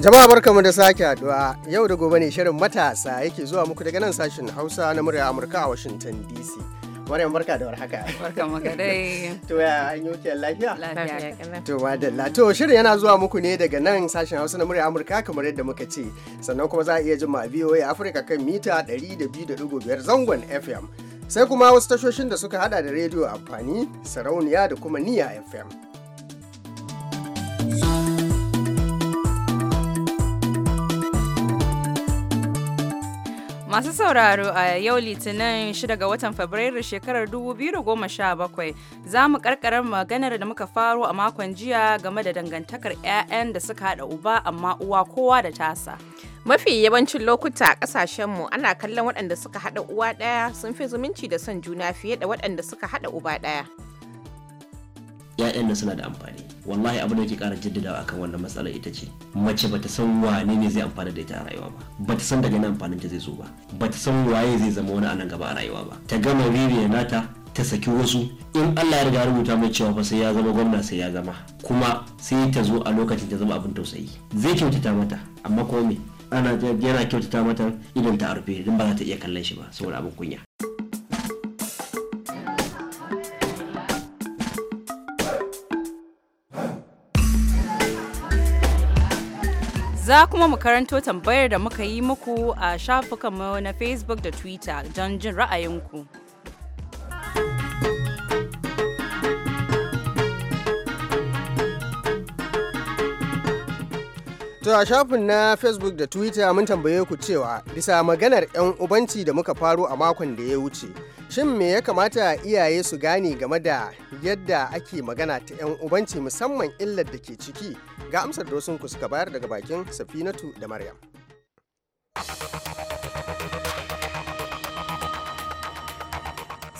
Jama'a barkamu da sake haduwa yau da gobe ne shirin matasa yake zuwa muku daga nan sashen Hausa na murya Amurka a Washington DC. Maryam barka da warhaka. Barka maka dai. To ya an yi wuce lafiya? Lafiya To madalla. To shirin yana zuwa muku ne daga nan sashen Hausa na murya Amurka kamar yadda muka ce. Sannan kuma za a iya jin ma VOA Africa kan mita 102.5 zangon FM. Sai kuma wasu tashoshin da suka hada da rediyo amfani, sarauniya da kuma niya FM. Masu sauraro a yau Litinin 6 ga watan Fabrairu shekarar 2017 za mu karkarar maganar da muka faro a makon jiya game da dangantakar 'ya'yan da suka haɗa uba amma uwa kowa da tasa. Mafi yawancin lokuta a ƙasashenmu ana kallon waɗanda suka haɗa uwa ɗaya sun fi zumunci da son juna fiye da waɗanda suka haɗa uba ɗaya. 'ya'yan nan suna da amfani wallahi abin da ke ƙara jaddadawa akan wannan matsalar ita ce mace bata san wane ne zai amfana da ita a rayuwa ba bata san daga nan amfanin ta zai zo ba bata san waye zai zama wani anan gaba a rayuwa ba ta gama ririya nata ta saki wasu in Allah ya riga rubuta mai cewa fa sai ya zama gwamna sai ya zama kuma sai ta zo a lokacin ta zama abin tausayi zai kyautata mata amma ko me ana yana kyautata mata idan ta arfe don ba za ta iya kallon shi ba saboda abin kunya Za kuma mu karanto tambayar da muka yi muku a shafukanmu na Facebook da Twitter don jin ra'ayinku. To a shafin na Facebook da Twitter mun tambaye ku cewa bisa maganar 'yan ubanci da muka faro a makon da ya wuce. Shin me ya kamata iyaye su gane game da yadda ake magana ta 'yan ubanci musamman illar da ke ciki ga amsar da wasu suka bayar daga bakin Safinatu da Maryam.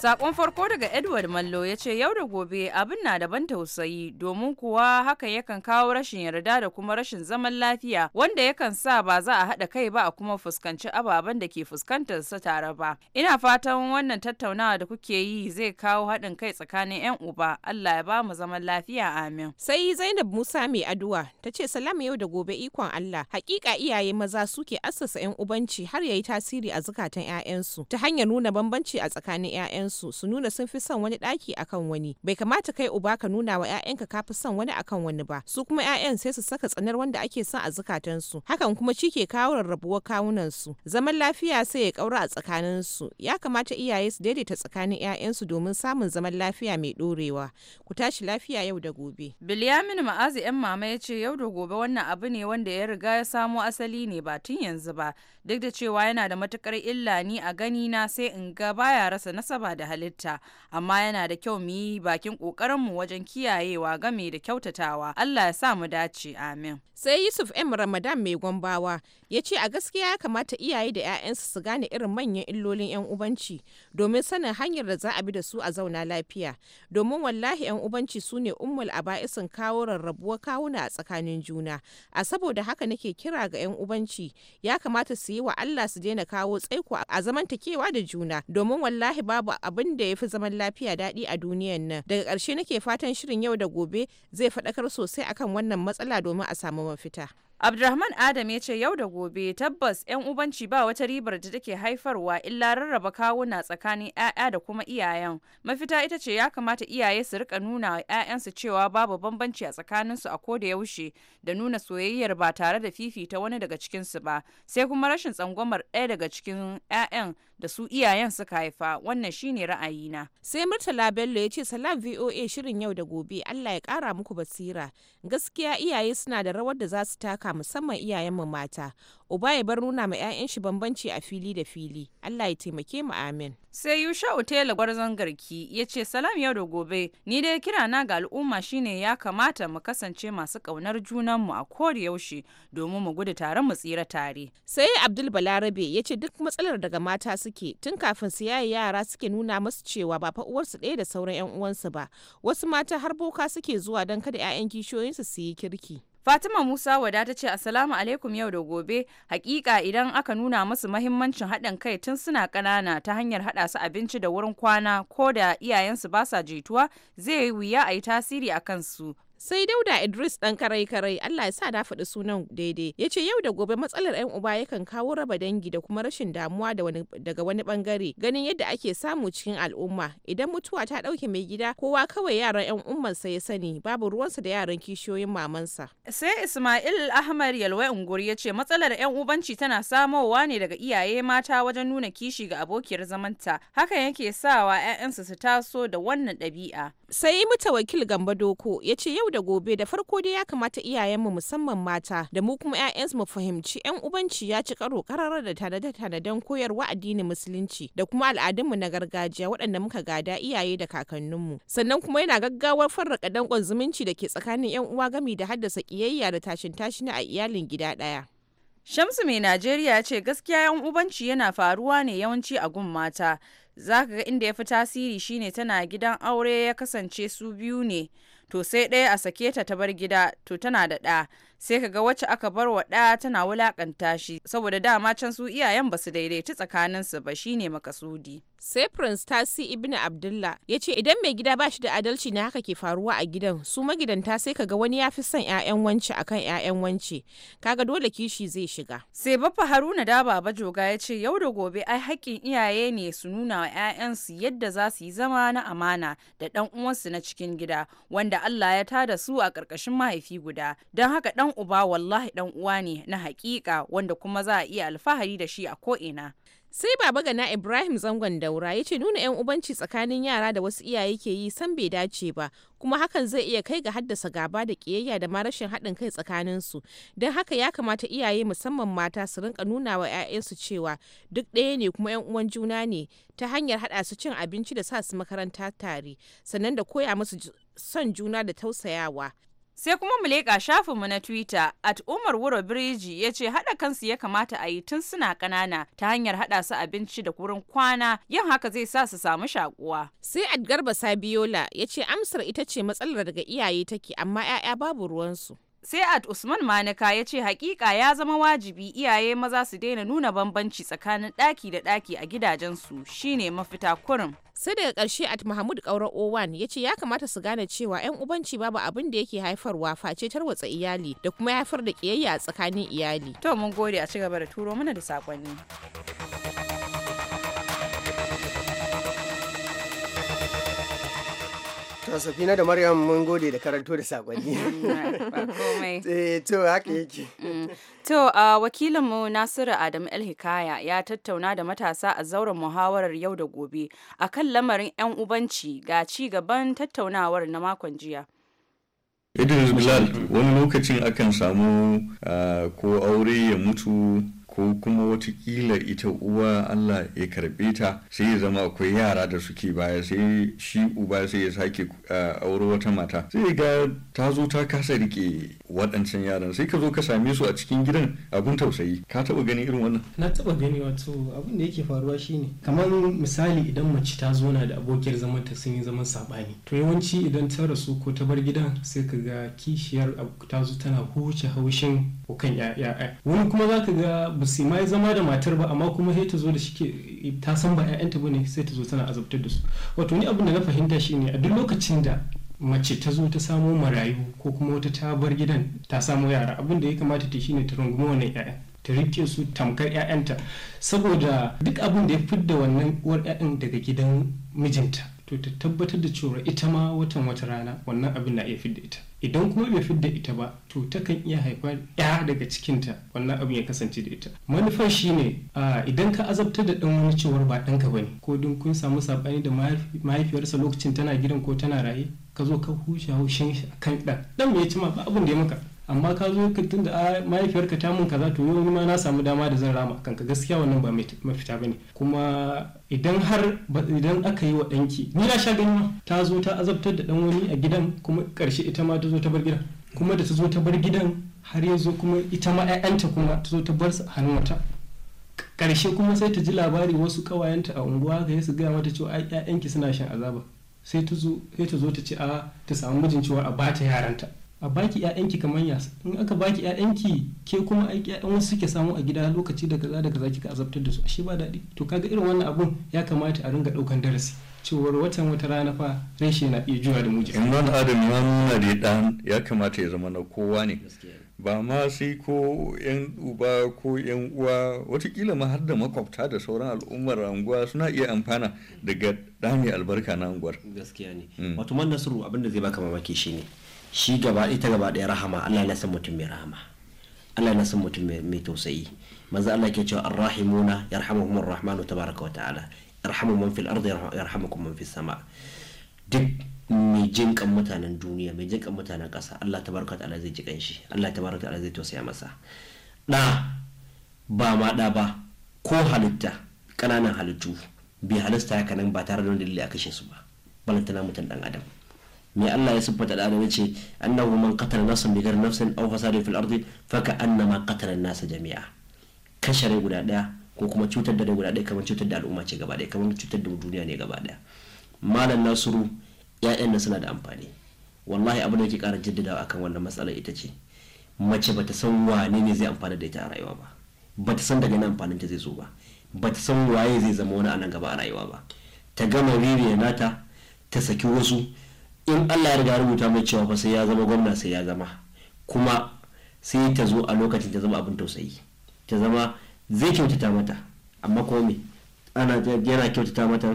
Sakon farko daga Edward Mallo ya ce yau da gobe abin na daban tausayi domin kuwa haka yakan kawo rashin yarda da kuma rashin zaman lafiya wanda yakan sa ba za a haɗa kai ba a kuma fuskanci ababen da ke fuskantar sa tare ba. Ina fatan wannan tattaunawa da kuke yi zai kawo haɗin kai tsakanin 'yan uba Allah ya ba mu zaman lafiya amin. Sai Zainab Musa mai addu'a ta ce salama yau da gobe ikon Allah hakika iyaye maza suke assasa 'yan ubanci har ya yi tasiri a zukatan 'ya'yansu ta hanyar nuna bambanci a tsakanin 'ya'yansu. su nuna sun fi son wani daki akan wani bai kamata kai uba ka nuna wa 'ya'yanka ka fi son wani akan wani ba su kuma 'ya'yan sai su saka tsanar wanda ake son a zukatan su hakan kuma shi ke kawo rarrabuwar kawunan su zaman lafiya sai ya kaura a tsakanin su ya kamata iyaye su daidaita tsakanin 'ya'yansu domin samun zaman lafiya mai ɗorewa ku tashi lafiya yau da gobe. Bilyamin Ma'azi 'yan mama ya ce yau da gobe wannan abu ne wanda ya riga ya samo asali ne ba tun yanzu ba duk da cewa yana da matukar illa ni a gani na sai in ga baya rasa nasaba da halitta amma yana da kyau mu yi bakin ƙoƙarinmu wajen kiyayewa game da kyautatawa Allah ya sa mu dace amin sai Yusuf M Ramadan mai gwambawa ya ce a gaskiya ya kamata iyaye da 'ya'yansu su gane irin manyan illolin 'yan ubanci domin sanin hanyar da za a bi da su a zauna lafiya domin wallahi 'yan ubanci su ne ummul aba'isin kawo rarrabuwa kawuna a tsakanin juna a saboda haka nake kira ga 'yan ubanci ya kamata su yi wa Allah su daina kawo tsaiko a zamantakewa da juna domin wallahi babu abin da ya fi zaman lafiya daɗi a duniyan nan. Daga ƙarshe nake fatan shirin yau da gobe zai faɗakar sosai akan wannan matsala domin a samu mafita. abdulrahman Adam ya ce yau da gobe tabbas 'yan ubanci ba wata ribar da take haifarwa illa rarraba kawuna tsakanin 'ya'ya da kuma iyayen. Mafita ita ce ya kamata iyaye su rika nuna wa 'ya'yansu cewa babu bambanci a tsakaninsu a ko da yaushe da nuna soyayyar ba tare da fifita wani daga cikinsu ba. Sai kuma rashin tsangwamar ɗaya daga cikin 'ya'yan da su iyayen suka haifa wannan shine ra'ayina sai murtala bello ya ce salam voa shirin yau da gobe allah ya kara muku basira gaskiya iyaye suna da rawar da za su taka musamman iyayen mu mata uba ya bar nuna ma 'ya'yan shi bambanci a fili da fili Allah ya taimake mu amin sai yusha otela gwarzon garki ya ce salam yau da gobe ni dai kira na ga al'umma shine ya kamata mu kasance masu ƙaunar mu a kori yaushe domin mu gudu tare mu tsira tare sai abdul balarabe ya ce duk matsalar daga mata suke tun kafin su yaye yara suke nuna musu cewa ba fa uwarsu ɗaya da sauran 'yan uwansu ba wasu mata har boka suke zuwa don kada 'ya'yan kishiyoyinsu su yi kirki Fatima Musa wada ta ce asalamu alaikum yau da gobe hakika idan aka nuna musu mahimmancin haɗin kai tun suna ƙanana ta hanyar haɗa su abinci da wurin kwana ko da iyayensu ba sa jituwa zai yi wuya a yi tasiri a kansu sai dauda idris dan karai karai allah ya sa da faɗi sunan daidai ya ce yau da gobe matsalar yan uba yakan kawo raba dangi da kuma rashin damuwa daga wani bangare ganin yadda ake samu cikin al'umma idan mutuwa ta dauke mai gida kowa kawai yaran yan ummansa ya sani babu ruwansa da yaran kishiyoyin mamansa sai ismail ahmad yalwa unguri ya ce matsalar yan ubanci tana samowa ne daga iyaye mata wajen nuna kishi ga abokiyar zamanta hakan yake sawa ya'yansa su taso da wannan ɗabi'a sai yi mata wakil gamba doko ya ce yau da gobe da farko dai ya kamata iyayenmu musamman mata da mu kuma 'ya'yansu mu fahimci 'yan ubanci ya ci karo kararar da tanade tanaden koyarwa addinin musulunci da kuma al'adunmu na gargajiya waɗanda muka gada iyaye da kakanninmu sannan kuma yana gaggawar farraka dankon zumunci da ke tsakanin 'yan uwa gami da haddasa ƙiyayya da tashin tashina a iyalin gida ɗaya. Shamsu mai Najeriya ce gaskiya 'yan ubanci yana faruwa ne yawanci a gun mata za ka ga inda ya fi tasiri shine tana gidan aure ya kasance su biyu ne to sai ɗaya a sake ta ta bar gida to tana da ɗa sai ka ga wacce aka bar wa ɗa tana wulakanta shi saboda dama can su iyayen ba su daidaici tsakaninsu ba shine makasudi. sai prince tasi ibn abdullah ya ce idan mai gida bashi da adalci ne haka ke faruwa a gidan su magidanta sai kaga wani ya fi son 'ya'yan wance akan 'ya'yan wance kaga dole kishi zai shiga sai baffa haruna da baba joga ya ce yau da gobe ai haƙƙin iyaye ne su nuna wa 'ya'yansu yadda za su yi zama na amana da dan uwansu na cikin gida wanda allah ya tada su a ƙarƙashin mahaifi guda don haka dan uba wallahi dan uwa ne na haƙiƙa wanda kuma za a iya alfahari da shi a ko'ina sai baba gana ibrahim zangon daura ya ce nuna 'yan ubanci tsakanin yara da wasu iyaye ke yi san bai dace ba kuma hakan zai iya kai ga haddasa gaba da kiyayya da ma rashin haɗin kai tsakanin su don haka ya kamata iyaye musamman mata su rinka nuna wa 'ya'yansu cewa duk ɗaya ne kuma 'yan uwan juna ne ta hanyar haɗa su cin abinci da sa su makaranta tare sannan da koya musu son juna da tausayawa Sai kuma mu leƙa shafinmu na Twitter at Umar Wuro Biriji ya ce haɗa kansu ya kamata a yi tun suna ƙanana ta hanyar haɗa su abinci da wurin kwana yin haka zai sa su samu shakuwa. Sai adgarba Garba Sabiola ya ce amsar ita ce matsalar daga iyaye take amma 'ya'ya babu ruwansu. sai at usman manika ya ce hakika ya zama wajibi iyaye maza su daina nuna bambanci tsakanin daki da daki a gidajensu shine mafita kurum sai daga ƙarshe at mahmud kaura owan ya ce ya kamata su gane cewa 'yan ubanci babu abin da yake haifarwa face tarwatsa iyali da kuma ya haifar da kiyayya a tsakanin iyali to mun gode a ci gaba da turo mana da saƙonni To Safina da Maryam mun gode da karanto da saƙonni. Eh, to haka yake. Mm. To wakilinmu Nasiru Adamu elhikaya ya tattauna da matasa a zauren muhawarar yau da gobe a kan lamarin 'yan ubanci ga ci gaban tattaunawar na makon jiya. Idris Bilal wani lokacin akan samu ko aure ya mutu ko kuma watakila ita uwa Allah ya karbe ta sai ya zama akwai yara da suke baya sai shi uba sai ya sake auro wata mata sai ga ta zo ta kasa rike waɗancan yaran sai ka zo ka same su a cikin gidan abun tausayi ka taba gani irin wannan na taba gani wato abin da yake faruwa shine kamar misali idan mace ta zo na da abokiyar zaman ta sun yi zaman sabani to yawanci idan ta rasu ko ta bar gidan sai ka ga kishiyar ta zo tana huce haushin ko kan ya'ya wani kuma za ka ga ba su ma zama da matar ba amma kuma sai ta zo da shike ta san ba 'ya'yanta ba ne sai ta zo tana azabtar da su wato ni abin da na fahimta shi ne a duk lokacin da mace ta zo ta samo marayu ko kuma wata ta bar gidan ta samo yara abin da ya kamata ta shine ta rungumi wannan 'ya'yan ta rike su tamkar 'ya'yanta saboda duk abin da ya fidda wannan uwar 'ya'yan daga gidan mijinta to ta tabbatar da cewa ita ma watan wata rana wannan abin na iya fidda ita idan kuma bai da ita ba to takan iya haifar ya daga cikinta wannan abin ya kasance da ita manufar shine idan ka azabtar da ɗan wani cewar ba ɗanka bane ko don kun samu saɓani da mahaifiyarsa lokacin tana gidan ko tana raye ka zo ka hushe hushen kan ɗan ɗan mai ya ci ma ba abin da ya maka amma ka zo ka tunda ah, mahaifiyarka ta mun kaza to yau ma na samu dama da zan rama kanka gaskiya wannan ba mafita bane kuma idan har idan aka yi wa danki ni na sha gani ta zo ta azabtar da dan wani a gidan kuma karshe ita ma ta zo ta bar gidan kuma da ta zo ta bar gidan har ya zo kuma ita ma 'ya'yanta kuma ta zo ta bar su a wata karshe kuma sai ta ji labari wasu kawayenta a unguwa ga su gaya mata cewa ƴaƴanki suna shan azaba sai ta zo sai ta zo ta ce a ah, ta samu mijin cewa a bata yaranta a baki ƴaƴanki kamar ya in aka baki ƴaƴanki ke kuma ƴaƴan wasu suke samu a gida lokaci da kaza da kaza kika azabtar da su ashe ba daɗi to kaga irin wannan abun ya kamata a ringa ɗaukan darasi cewar watan wata rana fa reshe na iya juya da muji in wani adam ya nuna da ɗan ya kamata ya zama na kowa ne ba ma sai ko yan uba ko yan uwa watakila ma har da makwabta da sauran al'ummar anguwa suna iya amfana daga ɗan albarka na anguwar gaskiya ne mm. wato man nasiru abinda zai baka mamaki shine shi gaba ita gaba ɗaya rahama Allah na san mutum mai rahama Allah na san mutum mai tausayi manzo Allah ke cewa arrahimuna yarhamuhumur rahmanu tabaaraka wa ta'ala irhamu man fil ardi yarhamukum man fis sama duk mai jin kan mutanen duniya mai jin kan mutanen kasa Allah tabaaraka wa ta'ala zai ji kanshi Allah tabaaraka wa ta'ala zai tausaya masa da ba ma da ba ko halitta kananan halittu bi halista haka nan ba tare da wani dalili a kashe su ba balantana mutum dan adam me Allah ya siffata da adam yace annahu man qatala nafsan ghairi nafsin aw fasadin fil ardi fa ka annama qatala an-nasa jami'a kashe rai guda daya ko kuma cutar da rai guda daya kamar cutar da al'umma ce gaba daya kamar cutar da duniya ne gaba daya malam nasiru ya'yan nan suna da amfani wallahi abin da yake ƙara jaddadawa akan wannan matsalar ita ce mace bata san wane ne zai amfana da ita a rayuwa ba bata san daga nan amfanin ta zai zo ba bata san waye zai zama wani a nan gaba a rayuwa ba ta gama ririya nata ta saki wasu in Allah ya riga rubuta mai cewa fa sai ya zama gwamna sai ya zama kuma sai ta zo a lokacin ta zama abin tausayi ta zama zai kyautata mata amma ko me ana yana kyautata mata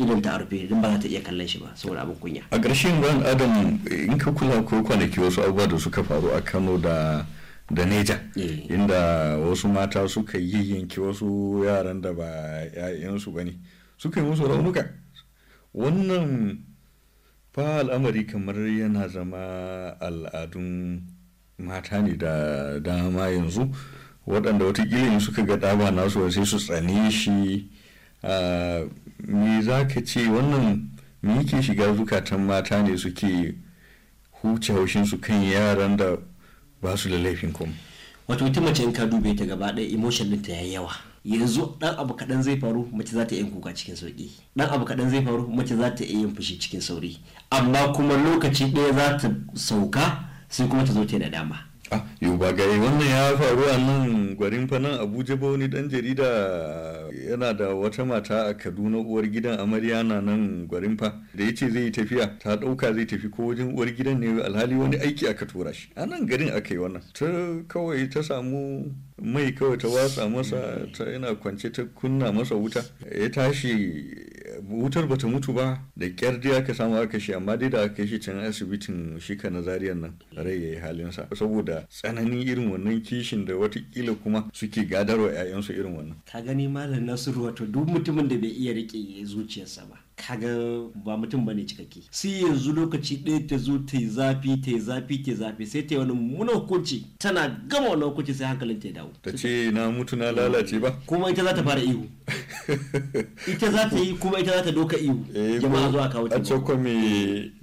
idan ta arfe don ba za ta iya kallon shi ba saboda abin kunya a ƙarshen ran adam in ka kula ko kwanaki wasu abubuwa da suka faru a Kano da da neja eh. inda wasu mata suka yi yanki wasu yaran da ba 'ya'yansu ba ne suka yi musu raunuka wannan fa al'amari kamar yana zama al'adun mata ne da dama yanzu waɗanda wata watakila suka ga ɗaba nasu sai su tsane shi me za ka ce wannan me yake shiga zukatan mata ne suke huce haushinsu kan yaran da ba su da laifin kuma wato ita mace in ka dube ta gaba ɗaya emotion ɗinta ya yawa yanzu dan abu kaɗan zai faru mace za ta yin kuka cikin sauki dan abu kaɗan zai faru mace za ta yin fushi cikin sauri amma kuma lokaci ɗaya za ta sauka sai kuma ta zo ta da dama ah yau ba gari wannan ya faru a nan gwarin nan abuja ba wani dan jarida yana da wata mata a kaduna uwar gidan amarya na nan gwarin fa da ya ce zai yi tafiya ta dauka zai tafi ko wajen uwar gidan ne alhali wani aiki aka tura shi a nan garin aka yi wannan ta kawai ta samu mai kawai ta watsa masa ta yana kwance ta kunna masa wuta ya tashi wutar bata mutu ba da kyar dai aka samu aka shi amma dai da aka shi can asibitin shi ka na Zariya nan rai yayi halinsa saboda tsananin irin wannan kishin da watakila kuma suke gadarwa 'ya'yansu irin wannan ka gani malam nasiru wato duk mutumin da bai iya rike zuciyarsa ba kaga ba mutum bane cikakke sai yanzu lokaci ɗaya ta zo ta yi zafi ta yi zafi ta yi zafi sai ta yi wani muna hukunci tana gama wani hukunci sai hankalin ta ya dawo ta ce na mutu na lalace ba kuma ita za ta fara ihu ita za ta yi kuma ita za ta doka ihu eh, jama'a zuwa kawo ta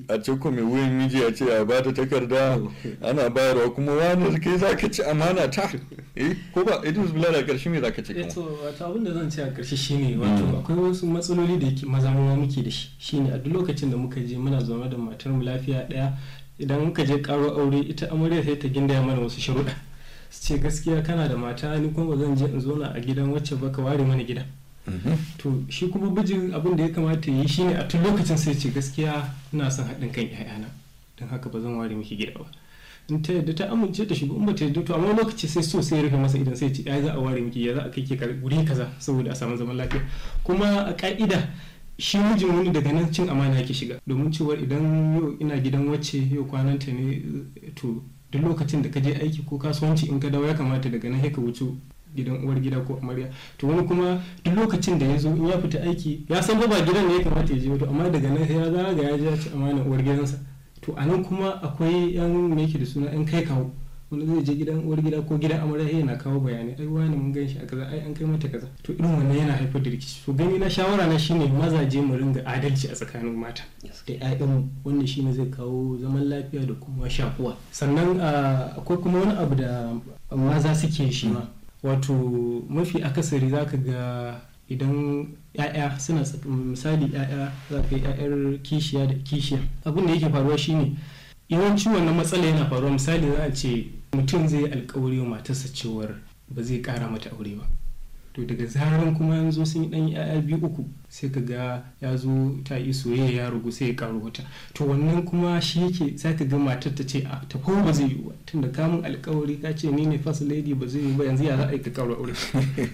a cikin mai wuyan miji a ce a ba ta takarda ana bayarwa kuma wani kai za ka ci amana ta eh, ko ba idris bilal a karshe me za ka ce kuma eh, to abin da zan ce a karshe shine wato hmm. akwai wasu matsaloli da maza mu muke da shi shine a duk lokacin da muka je muna zama da matar mu lafiya daya idan muka je karo aure ita amarya sai ta gindaya mana wasu sharuɗa su ce gaskiya kana da mata ni kuma zan je in zauna a gidan wacce baka ware mana gida mm-hmm. to shi kuma bijin abin da ya kamata yi shine a tun lokacin sai ce gaskiya ina son haɗin kan ƴaƴana don haka ba zan ware miki gida ba in ta yadda ta amince ta shiga umma ta yadda to amma lokaci sai so sai rufe masa idan sai ce ya za a ware miki ya za a kai ke wuri kaza saboda a samu zaman lafiya kuma a ka'ida shi mijin wani daga nan cin amana yake shiga domin cewa idan yau ina gidan wacce yau kwananta ne to duk lokacin da ka je aiki ko kasuwanci in ka dawo ya kamata daga nan ka wuce gidan uwar gida ko amarya to wani kuma duk lokacin da ya zo in ya fita aiki ya san ba gidan ne ya kamata ya je to amma daga nan ya zaga ya ji ya ci amana uwar gidansa to anan kuma akwai yan yake da suna yan kai kawo wani zai je gidan uwar gida ko gidan amarya yana eh, kawo bayanai ai wani mun ganshi a kaza ai an kai mata kaza to irin wannan yana haifar da rikici to gani na shawara na shine mazaje mu ringa adalci a tsakanin mata da ƴaƴan wannan shine zai kawo zaman lafiya da kuma shakuwa sannan akwai kuma wani abu da maza suke shi ma wato mafi akasari zaka ga idan ya'ya suna misali ya'ya za ka yi ya'yar kishiya da kishiya abin da yake faruwa shine yawanci wannan matsala yana faruwa misali za a ce mutum zai alkawari wa matarsa cewar ba zai kara mata aure ba to daga zaran kuma yanzu sun yi dan yaya biyu uku sai ka ga ya zo ta yi soyayya ya rugu sai ya karu wata to wannan kuma shi yake za ka ga matar ta ce a ko ba zai yi ba tunda kamun alkawari ka ce ni ne first lady ba zai yi ba yanzu ya za a yi ka karu aure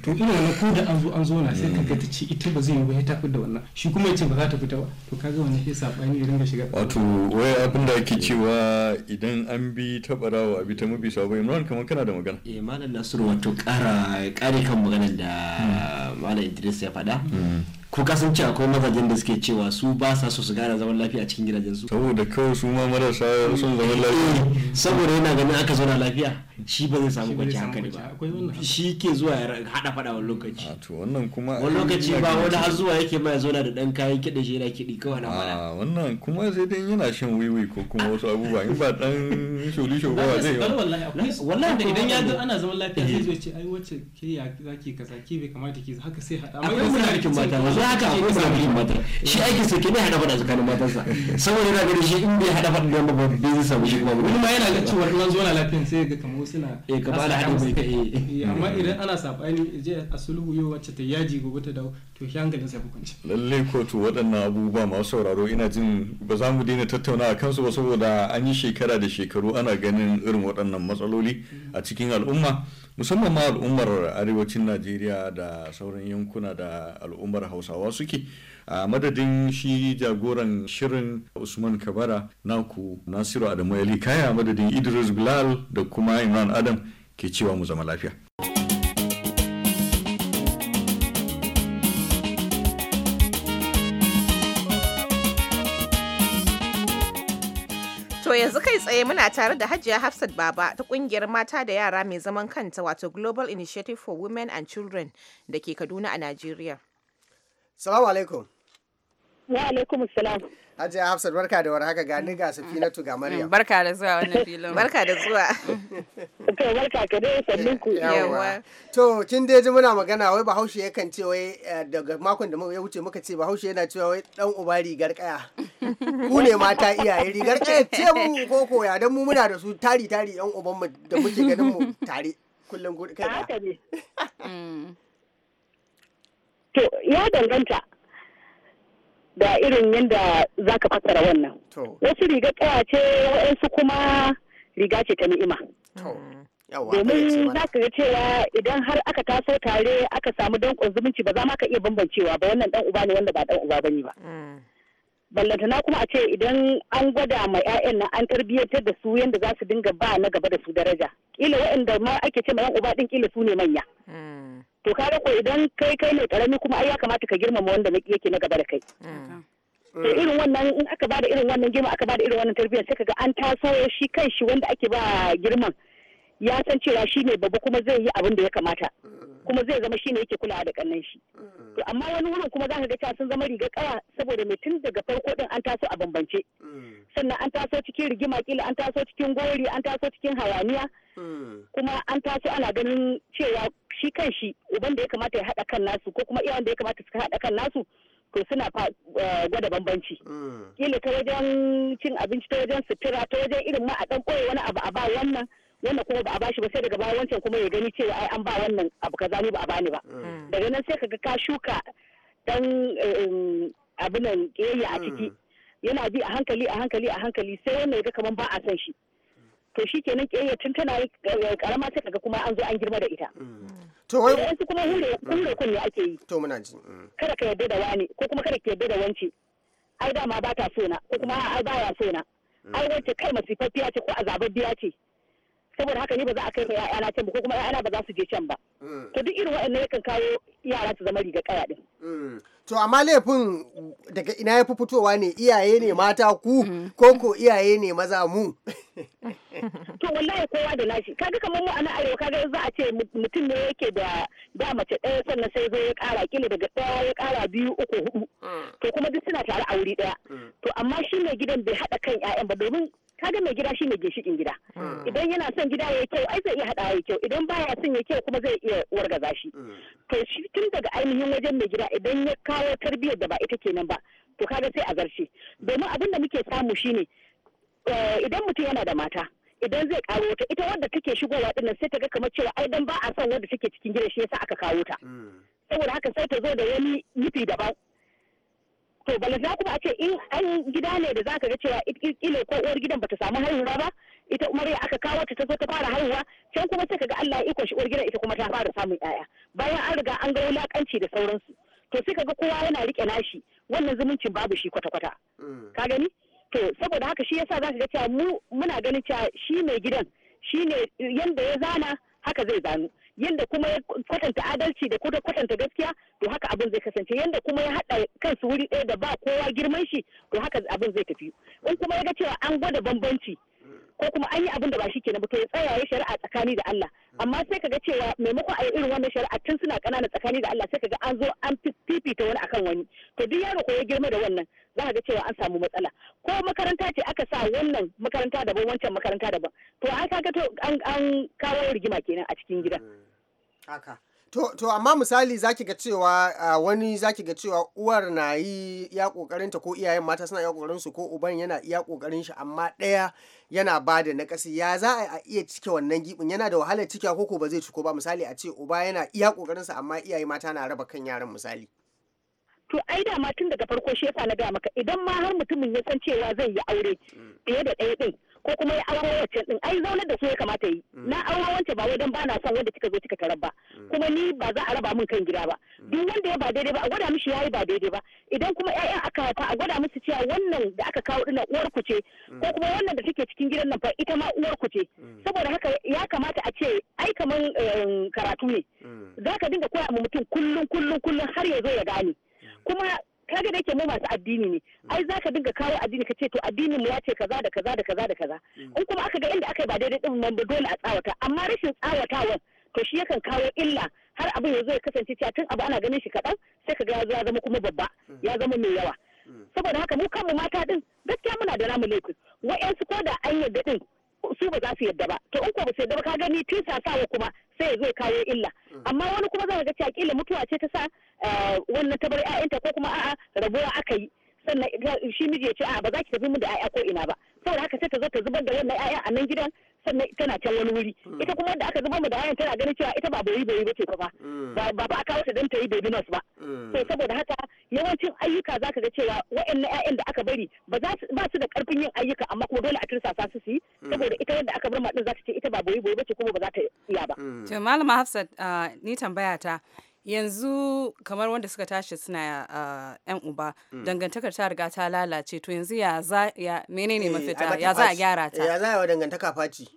to ina na ko da an zo an zo na sai ka ga ta ce ita ba zai yi ba ya tafi da wannan shi kuma ya ce ba za ta fita ba to kaga wani ke sabani ya ringa shiga wato wai abin da ake cewa idan an bi ta barawa a bi ta mabi sabo imran kamar kana da magana eh malam nasiru wato kara kare kan maganar da hmm. malam idris ya faɗa hmm. ko kasance akwai mazajen da suke cewa su ba sa so su gane zaman lafiya a cikin gidajen su saboda kawai su ma marasa son zaman lafiya eh, saboda yana ganin aka zauna lafiya shi ba zai samu kwanci hankali ba shi ke zuwa ya hada fada wani lokaci wannan kuma wani lokaci ba wani har zuwa yake mai ya da dan kayan kiɗa shi yana kiɗi kawai na fada wannan kuma sai dai yana shan wiwi ko kuma wasu abubuwa in ba dan sholi sholi ba zai wannan da idan ya zo ana zaman lafiya sai eh. zai ce ai wacce ke ya zaki kaza ke bai kamata ki haka sai hada akwai rikin mata wasu haka akwai rikin mata shi aiki sai ke bai hada fada tsakanin matansa saboda yana ganin shi in bai hada fada da ba bai zai samu shi kuma ba ma yana ga cewa in an zo na lafiya sai ga kamar suna eh da hadin kai eh, amma eh. idan ana sabani je a sulhu yau wacce ta yaji gobe ta dawo to shi hankalin sai hukunci lalle ko to waɗannan abubuwa masu sauraro ina jin ba za mu daina tattauna a kansu ba saboda an yi shekara da shekaru ana ganin irin waɗannan matsaloli a cikin al'umma musamman ma al'ummar arewacin najeriya da sauran yankuna da al'ummar hausawa suke a madadin shi jagoran shirin usman kabara naku nasiru adamu yali kaya madadin idris bilal da kuma imran adam ke cewa mu zama lafiya To yanzu kai tsaye muna tare da Hajiya Hafsat Baba ta kungiyar mata da yara mai zaman kanta wato Global Initiative for Women and Children da ke Kaduna a Najeriya. Salamu alaikum. Wa alaikum salam. Hafsat barka da warhaka ga gani ga na ga Maryam. Barka da zuwa wannan filin. Barka da zuwa. To barka ka dai sannin ku. Yawa. To kin dai ji muna magana wai Bahaushe yakan ce wai eh, daga makon da ya wuce muka ce Bahaushe yana cewa wai dan uba rigar kaya. Ku ne mata iyaye rigar kaya ce mu ko ya dan mu muna da su tari tari yan uban mu da muke ganin mu tare kullum gudu ne. Mm. To ya danganta. da irin yadda za ka fassara wannan. Wasu riga tsaya ce waɗansu kuma riga ce ta ni'ima. Domin za ka ga cewa idan har aka taso tare aka samu danƙon zumunci ba za ma ka iya bambancewa ba wannan ɗan uba ne wanda ba dan uba ba ne ba. Mm. Ballantana kuma a ce idan an gwada ma 'ya'yan nan an tarbiyyantar da su yadda za su dinga ba na gaba da su daraja. Kila waɗanda ma ake ce ma 'yan uba ɗin kila su ne manya. Mm. to ka ko idan kai kai ne karami kuma ai ya kamata ka girmama wanda yake na gaba da kai to mm. irin wannan in aka bada irin wannan girma aka bada irin wannan tarbiyyar sai kaga an taso shi kan shi wanda ake ba girman ya san cewa shi ne babba kuma zai yi abin da ya kamata kuma zai zama shi ne yake kulawa da kannan shi to amma wani wurin kuma zaka ga cewa sun zama riga kawa saboda mai tun daga farko din an taso a bambance mm. sannan an taso cikin rigima kila an taso cikin gori an taso cikin hayaniya kuma an tashi ana ganin cewa shi kan shi uban da ya kamata ya haɗa kan nasu ko kuma iyayen da ya kamata suka haɗa kan nasu to suna eh, gwada bambanci kila ta wajen cin abinci ta wajen sutura ta wajen irin ma a ɗan koya wani abu a ba wannan wannan kuma ba a bashi ba sai daga baya wancan kuma ya gani cewa ai an ba wannan abu kaza ni ba a bani ba mm. daga nan sai kaga ka shuka dan abinan kiyayya a ciki mm. yana bi a hankali a hankali a hankali sai wannan ya ga kaman ba a san shi to shi kenan kyayya tun tana yi karama eh, sai kaga kuma an zo an girma da ita. Mm. To wai da yanzu kuma mm. hure kunne ake yi. To muna ji. Mm. Kada ka yarda da wani ko kuma kada ka yarda da wance. Ai dama ba ta so na ko kuma ai ya so na. Ai wacce kai masifaffiya ce ko azababbiya ce. saboda haka ni ba za a kai ma ƴaƴana can ba ko kuma ƴaƴana ba za su je can ba mm. to duk irin waɗannan yakan kawo yara su zama riga kaya din mm. to amma laifin daga ina ya fi fitowa ne iyaye ne mata ku mm. ko ko iyaye ne maza mu to wallahi kowa da nashi kaga kamar mu a arewa kaga za a ce mutum ne yake da da mace ɗaya sannan sai zo ya ƙara kila daga ɗaya ya kara biyu uku hudu to kuma duk suna tare a wuri ɗaya to amma shi mai gidan bai haɗa kan 'ya'yan ba domin kaga mai gida shi ne ginshikin gida Mm. idan yana son gida ya kyau ai zai iya hada ya kyau idan baya son ya kyau kuma zai iya wargaza shi mm. to shi tun daga ainihin wajen mai gida idan ya kawo tarbiyyar da ba ita kenan ba to kaga sai a zarce domin abin da muke samu shine eh, idan mutum yana da mata idan zai kawo ta ita wanda take shigowa din sai ta ga kamar cewa ai dan ba a son wanda take cikin gida shi yasa aka kawo ta mm. saboda haka sai ta zo da wani nufi daban to balanta kuma a ce in an gida ne da zaka ga cewa ile ko uwar gidan bata samu haihuwa ba ita ya aka kawo ta ta zo ta fara haihuwa can kuma sai ga Allah ya iko shi uwar gidan ita kuma ta fara samun yaya bayan an riga an ga wulakanci da sauransu to sai kaga kowa yana rike nashi wannan zumuncin babu shi kwata kwata mm. ka gani to saboda haka shi yasa zaka ga cewa mu muna ganin cewa shi mai gidan shi ne yanda ya zana haka zai zanu yadda kuma ya kwatanta adalci da kuma kwatanta gaskiya to haka abin zai kasance yadda kuma ya haɗa kansu wuri ɗaya da ba kowa girman shi to haka abin zai tafi in kuma ya ga cewa an gwada bambanci ko kuma an yi abin da ba shi kenan ba to ya tsaya ya shari'a tsakani da Allah amma sai kaga cewa maimakon a yi irin wannan shari'a tun suna ƙanana tsakani da Allah sai ga an zo an fifita wani akan wani to duk yaro ko ya girma da wannan za a ga cewa an samu matsala ko makaranta ce aka sa wannan makaranta daban wancan makaranta daban to ai kaga to an kawo rigima kenan a cikin gida mm. haka To, amma misali zaki ga cewa wani zaki ga cewa uwar na yi ya kokarinta ko iyayen mata suna ya kokarin su ko uban yana iya kokarin shi amma ɗaya yana ba da nakasi ya za a iya cike wannan gibin yana da wahalar cike ko ko ba zai ciko ba misali a ce uba yana iya kokarin sa amma iyaye mata na raba kan yaran misali. to ai da ma tun daga farko shi yasa na gaya maka idan ma har mutumin ya san cewa zai yi aure fiye da ɗaya ɗin ko kuma ya aure wacce din ai zaunar da su ya kamata yi mm. na aure wacce ba wai dan bana son wanda kika zo kika tarar ba mm. kuma ni ba za a raba min kan gida ba mm. duk wanda ya ba daidai ba a gwada mishi yayi ba daidai ba idan kuma ƴaƴan aka haifa a gwada musu cewa wannan da aka kawo dinnan uwar ku ce ko kuma wannan da take cikin gidan nan fa ita ma uwar ku ce saboda haka ya kamata a ce ai kaman um, karatu ne zaka dinga koya mu mutum kullun kullun kullun har ya zo ya gane kuma kaga da yake mu masu addini ne ai mm. za ka dinga kawo addini ka ce to addinin mu ya ce kaza da kaza da kaza da kaza mm. in kuma aka ga inda aka ba daidai din nan da dole a tsawata amma rashin tsawatawan to shi yakan kawo illa har abin ya zo ya kasance cewa tun abu ana ganin shi kaɗan sai ka ga ya zama kuma babba mm. ya zama mai yawa saboda haka mu kanmu mata din gaskiya muna da namu laifin wa'yansu ko da an da din su ba za su yadda ba to in ko ba su yadda ba ka gani tisa sawa kuma sai ya zo kawo illa mm. amma wani kuma za ka ga cewa mutuwa ce ta sa eh, wannan ta bar ƴaƴanta ko kuma a'a rabuwa aka yi sannan shi miji ya ce a'a ba za ki tafi mu da ƴaƴa ko ina ba saboda haka sai ta zo ta zubar da wannan ƴaƴa a nan gidan sannan tana can wani wuri hmm. ita kuma da aka zuba mu da hayan tana ganin cewa ita ba boyi boyi bace hmm. ba ba ba aka wata dan ta yi baby nurse ba hmm. so saboda haka yawancin ayyuka zaka ga cewa wa'annan ƴaƴan da aka bari ba za su ba su da karfin yin ayyuka amma kuma dole a tursa sa su yi saboda ita yadda aka bar ma din za ta ce ita ba boyi boyi bace kuma ba za ta iya ba to malama Hafsat ah, ni tambaya ta yanzu kamar wanda suka tashi suna yan ah, uba mm. dangantakar ta riga ta lalace to yanzu ya za ya menene eh, mafita ya za a gyara ta ya za a dangantaka faci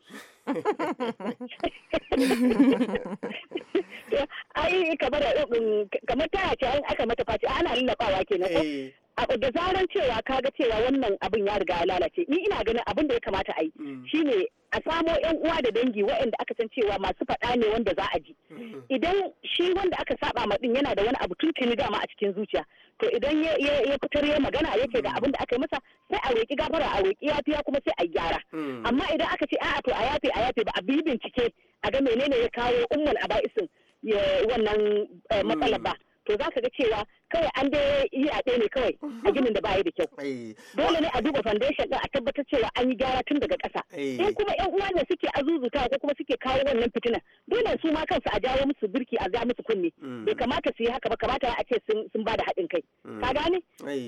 ai kamar kamar ta ce an aka mata faci ana lullabawa kenan eh. a da zaran cewa kaga cewa wannan abin ya riga ya lalace ni ina ganin abin da ya kamata ai mm. shine a samo yan uwa da dangi waɗanda aka san cewa masu faɗa ne wanda za a ji mm-hmm. idan shi wanda aka saba ma din yana da wani abu tuntuni dama a cikin zuciya to idan ya fitar ya magana ya yake da mm-hmm. abin da aka yi masa sai a roki gafara a roki yafiya kuma sai a gyara mm-hmm. amma idan aka ce a'a to a yafe a yafe ba a bi bincike a ga menene ya kawo umman aba'isin wannan eh, matsalar ba to za ka ga cewa kawai an dai yi a ne kawai a ginin da bayi da kyau dole ne a duba foundation din a tabbatar cewa an yi gyara tun daga ƙasa in kuma yan uwa da suke azuzuta ko kuma suke kawo wannan fitina dole su ma kansu a jawo musu birki a ga musu kunne mm. bai kamata su yi haka ba kamata a ce sun ba da haɗin kai mm. ka gane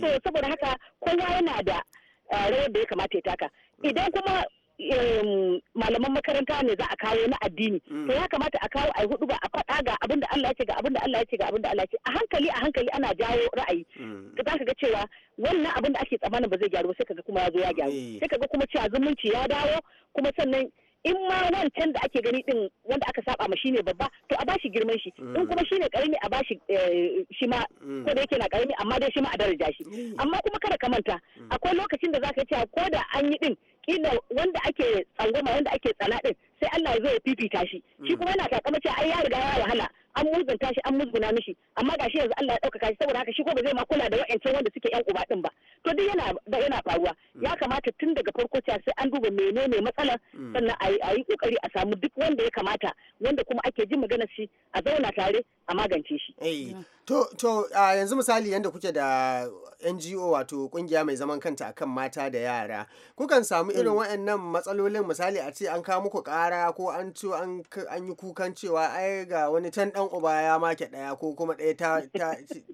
so saboda haka kowa yana da eh, rawar da ya kamata ya taka mm. idan kuma malaman makaranta ne za a kawo na addini mm. to ya kamata a kawo ai hudu ba a faɗa ga abinda da Allah yake ga abinda da Allah yake ga abinda Allah yake a hankali a hankali ana jawo ra'ayi ka mm. za ka ga cewa wannan abin da ake tsammanin ba zai gyaru ba sai kaga kuma ya ya gyaru eh. sai kaga kuma cewa zumunci ya dawo kuma sannan in ma wancan da ake gani din wanda aka saba ma shine babba to a bashi girman shi in mm. kuma shine karami a bashi eh, shi ma ko da yake na karami amma dai shi ma a daraja shi eh. amma kuma kada ka manta akwai lokacin da zaka cewa ko da an yi din inda wanda ake tsangwama wanda ake tsana din sai Allah zai ya fifita shi shi mm. kuma yana takama cewa ai ya riga ya wahala an muzunta shi an muzguna mishi amma gashi yanzu Allah ya dauka shi saboda haka shi ko ba zai ma kula da wa'ancan wanda suke yan uba din ba to duk yana da yana faruwa mm. ya kamata tun daga farko cewa sai an duba menene matsala mm. sannan a yi kokari a samu duk wanda ya kamata wanda kuma ake jin maganar shi a zauna tare a magance shi eh, To, a yanzu misali yadda kuke da NGO wato kungiya mai zaman kanta akan mata da yara. Kukan samu irin mm. waɗannan matsalolin misali a ce an kawo muku ƙara ko an ci an yi kukan cewa ai ga wani can ɗan uba ya make ɗaya ko kuma ɗaya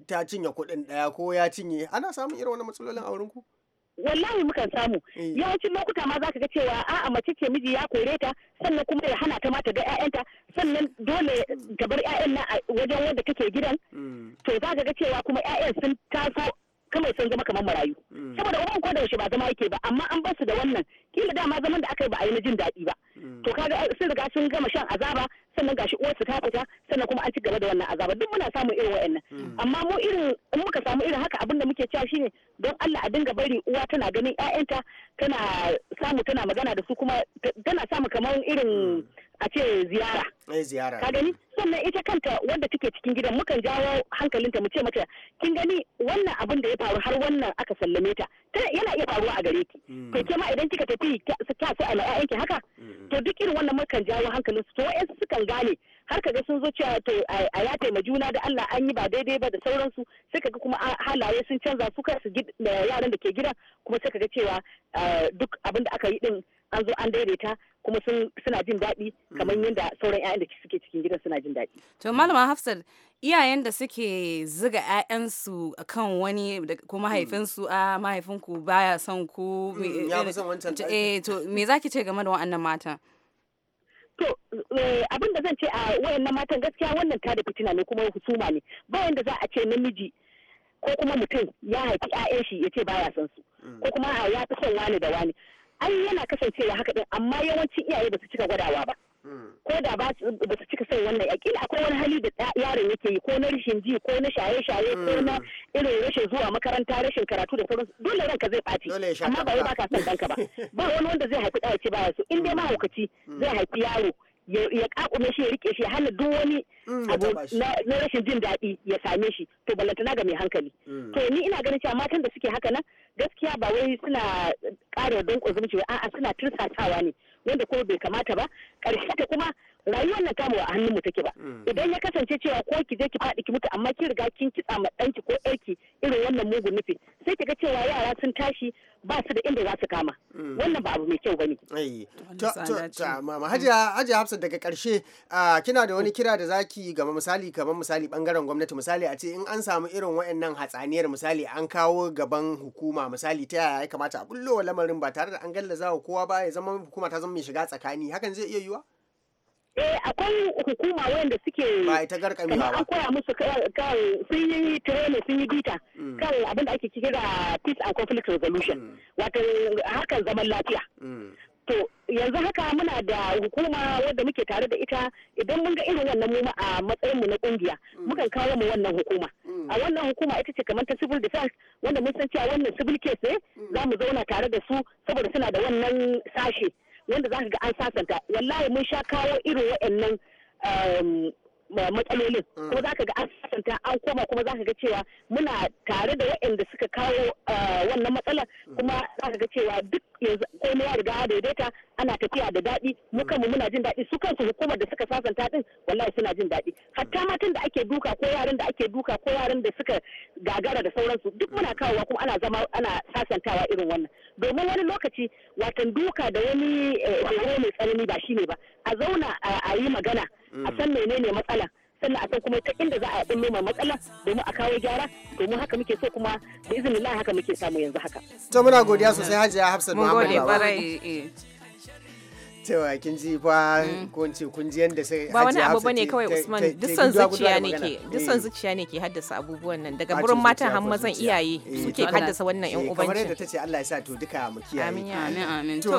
ta, cinye kuɗin ɗaya ko ya cinye. Ana samun irin wani matsalolin a wurinku? wallahi mukan samu eh. yawancin lokuta ma za ka ga cewa a'a mace ce miji ya kore ta sannan kuma ya hana ta mata ta ga 'ya'yanta sannan dole ka bar 'ya'yan na wajen wanda kake gidan mm. to za ka ga cewa kuma 'ya'yan sun taso kamar sun zama kamar marayu mm. saboda uban ko da yaushe ba zama yake ba amma an bar su da wannan kila dama zaman da aka yi ba a yi na jin daɗi ba mm. to kaga sun riga sun gama shan azaba sannan gashi uwarsu ta fita sannan kuma an ci gaba da wannan azaba duk muna samun irin wa'annan amma mu irin in muka samu irin haka abin da muke cewa shine don Allah a dinga bari uwa tana ganin ƴaƴanta tana samu tana magana da su kuma tana samu kamar irin a ce ziyara. Eh ziyara. Ka gani? Sannan ita kanta wanda take cikin gidan mukan jawo hankalinta mu ce mata kin gani wannan abin da ya faru har wannan aka sallame ta. yana iya faruwa a gare ki. Mm. To ke ma idan kika tafi kya sai a ƴaƴan ki haka. Mm. To duk irin wannan mukan jawo hankalin su to wa'ansu sukan gane har kaga sun zo cewa to a ya taima juna da Allah an yi ba daidai ba da sauransu sai kaga kuma halaye sun canza su kansu yaran da ke gidan kuma sai kaga cewa eh, duk abin da aka yi din an zo an daidaita kuma suna jin daɗi mm. kamar yadda sauran 'ya'yan da suke cikin gidan suna jin daɗi. To malama Hafsat iyayen da suke ziga 'ya'yansu kan wani ko mahaifinsu mm. a mahaifinku baya son ku mm, eh to me za ki ce game da wa'annan matan? To eh, abin da zan ce a wayannan matan gaskiya wannan ta da fitina ne kuma husuma ne bayan da za a ce namiji ko kuma mutum ya haifi 'ya'yan shi ya ce baya son su ko kuma ya fi son wani da wani ai yana kasancewa haka din amma yawanci iyaye ba su cika gwadawa ba ko da ba su cika son wannan kila akwai wani hali da yaron yake yi ko na rashin ji ko na shaye-shaye ko na irin rashin zuwa makaranta rashin karatu da sauransu dole ranka zai ɓaci amma ba wai ba son ɗanka ba ba wani wanda zai haifi ɗaya ce ba su in dai mahaukaci mm. zai haifi yaro ya kakume shi ya rike shi ya hana duk wani mm, abu na rashin jin daɗi ya same shi to ballantana ga mai hankali mm. to ni ina ganin cewa matan da suke haka nan gaskiya ba wai suna ƙara don zumunci a'a suna tursatawa ne wanda kuma bai kamata ba ƙarshe ta kuma rayuwar na kama a hannun mu take ba mm. idan ya kasance cewa ko ki je ki faɗi ki mutu amma ki riga kin kitsa ma danki ko ɗanki irin wannan mugun nufi sai ki ga cewa yara sun tashi ba su da inda za su kama mm. wannan ba abu mai kyau bane to mama hajiya hajiya hafsa daga karshe kina da wani kira da zaki ga misali kamar misali bangaren gwamnati misali a ce in an samu irin wayannan hatsaniyar misali an kawo gaban hukuma misali ta yaya ya kamata a bullo lamarin ba tare da an gallaza kowa ba ya zama hukuma ta zama mai shiga tsakani hakan zai iya yiwa eh akwai hukuma wanda suke kamar an koya musu kan sun yi training sun yi bita mm. kan abin da ake da peace and conflict resolution mm. wato harkar zaman lafiya mm. to yanzu haka muna da hukuma wadda muke tare da ita idan mun ga irin wannan mu a matsayin mu na kungiya mukan kawo mu wannan hukuma a wannan hukuma ita ce kamar ta civil defense wanda mun san cewa wannan civil case ne za mu zauna tare da su saboda suna da wannan sashe yadda za ka ga an sasanta wallahi mun sha kawo irin waɗannan um, matsalolin mm. kuma za ka ga an sasanta an koma kuma za ka ga cewa muna tare da waɗanda suka kawo ah, wannan matsala mm. kuma za ka ga cewa duk yanzu komai ya riga daidaita ana tafiya da daɗi mu mm. kanmu muna jin daɗi su kansu hukumar da suka sasanta din wallahi suna jin daɗi hatta matan da ake duka ko yaran da ake duka ko yaran da suka gagara da sauransu duk muna kawowa kuma ana zama ana sasantawa irin wannan domin wani lokaci watan duka da wani eh, horo mai tsanani ba shine ba a zauna a yi magana a san menene matsala sannan a san kuma ta inda za a yi neman matsala domin a kawo gyara domin haka muke so kuma da izinin Allah haka muke samu yanzu haka to muna godiya sosai Hajiya hafsa mu Mun gode barai cewa eh. kin ji fa ko in ce kun ji yanda sai ba wani abu bane kawai Usman dusan zuciya ne ke dusan eh. zuciya ne ke haddasa abubuwan nan daga burin matan har mazan iyaye eh, suke haddasa wannan yan ubanci kamar yadda tace Allah ya sa to duka mu kiyaye amin amin amin to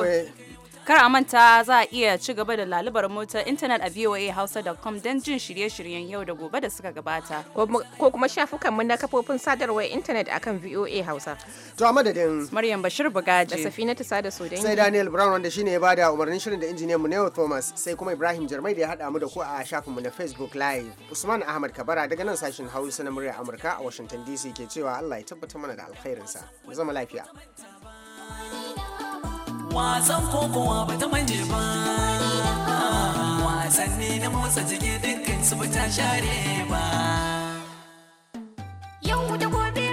Kar a manta za a iya ci gaba da lalubar motar intanet a voahausa.com don jin shirye-shiryen yau da gobe da suka gabata. Ko kuma shafukanmu na kafofin sadarwar intanet akan VOA Hausa. To a madadin Maryam Bashir Bugaji da Safina Tusa da Sodangi. Sai Daniel Brown wanda shine ya bada umarnin shirin da injiniyan mu Neo Thomas sai kuma Ibrahim Jarmai da ya hada mu da ku a shafin mu na Facebook Live. Usman Ahmad Kabara daga nan sashin Hausa na murya Amurka a Washington DC ke cewa Allah ya tabbata mana da alkhairinsa. Mu zama lafiya. wasan kokowa ba ta manje ba wasanni na motsa jiki dukkan su ba ta share ba yau da gobe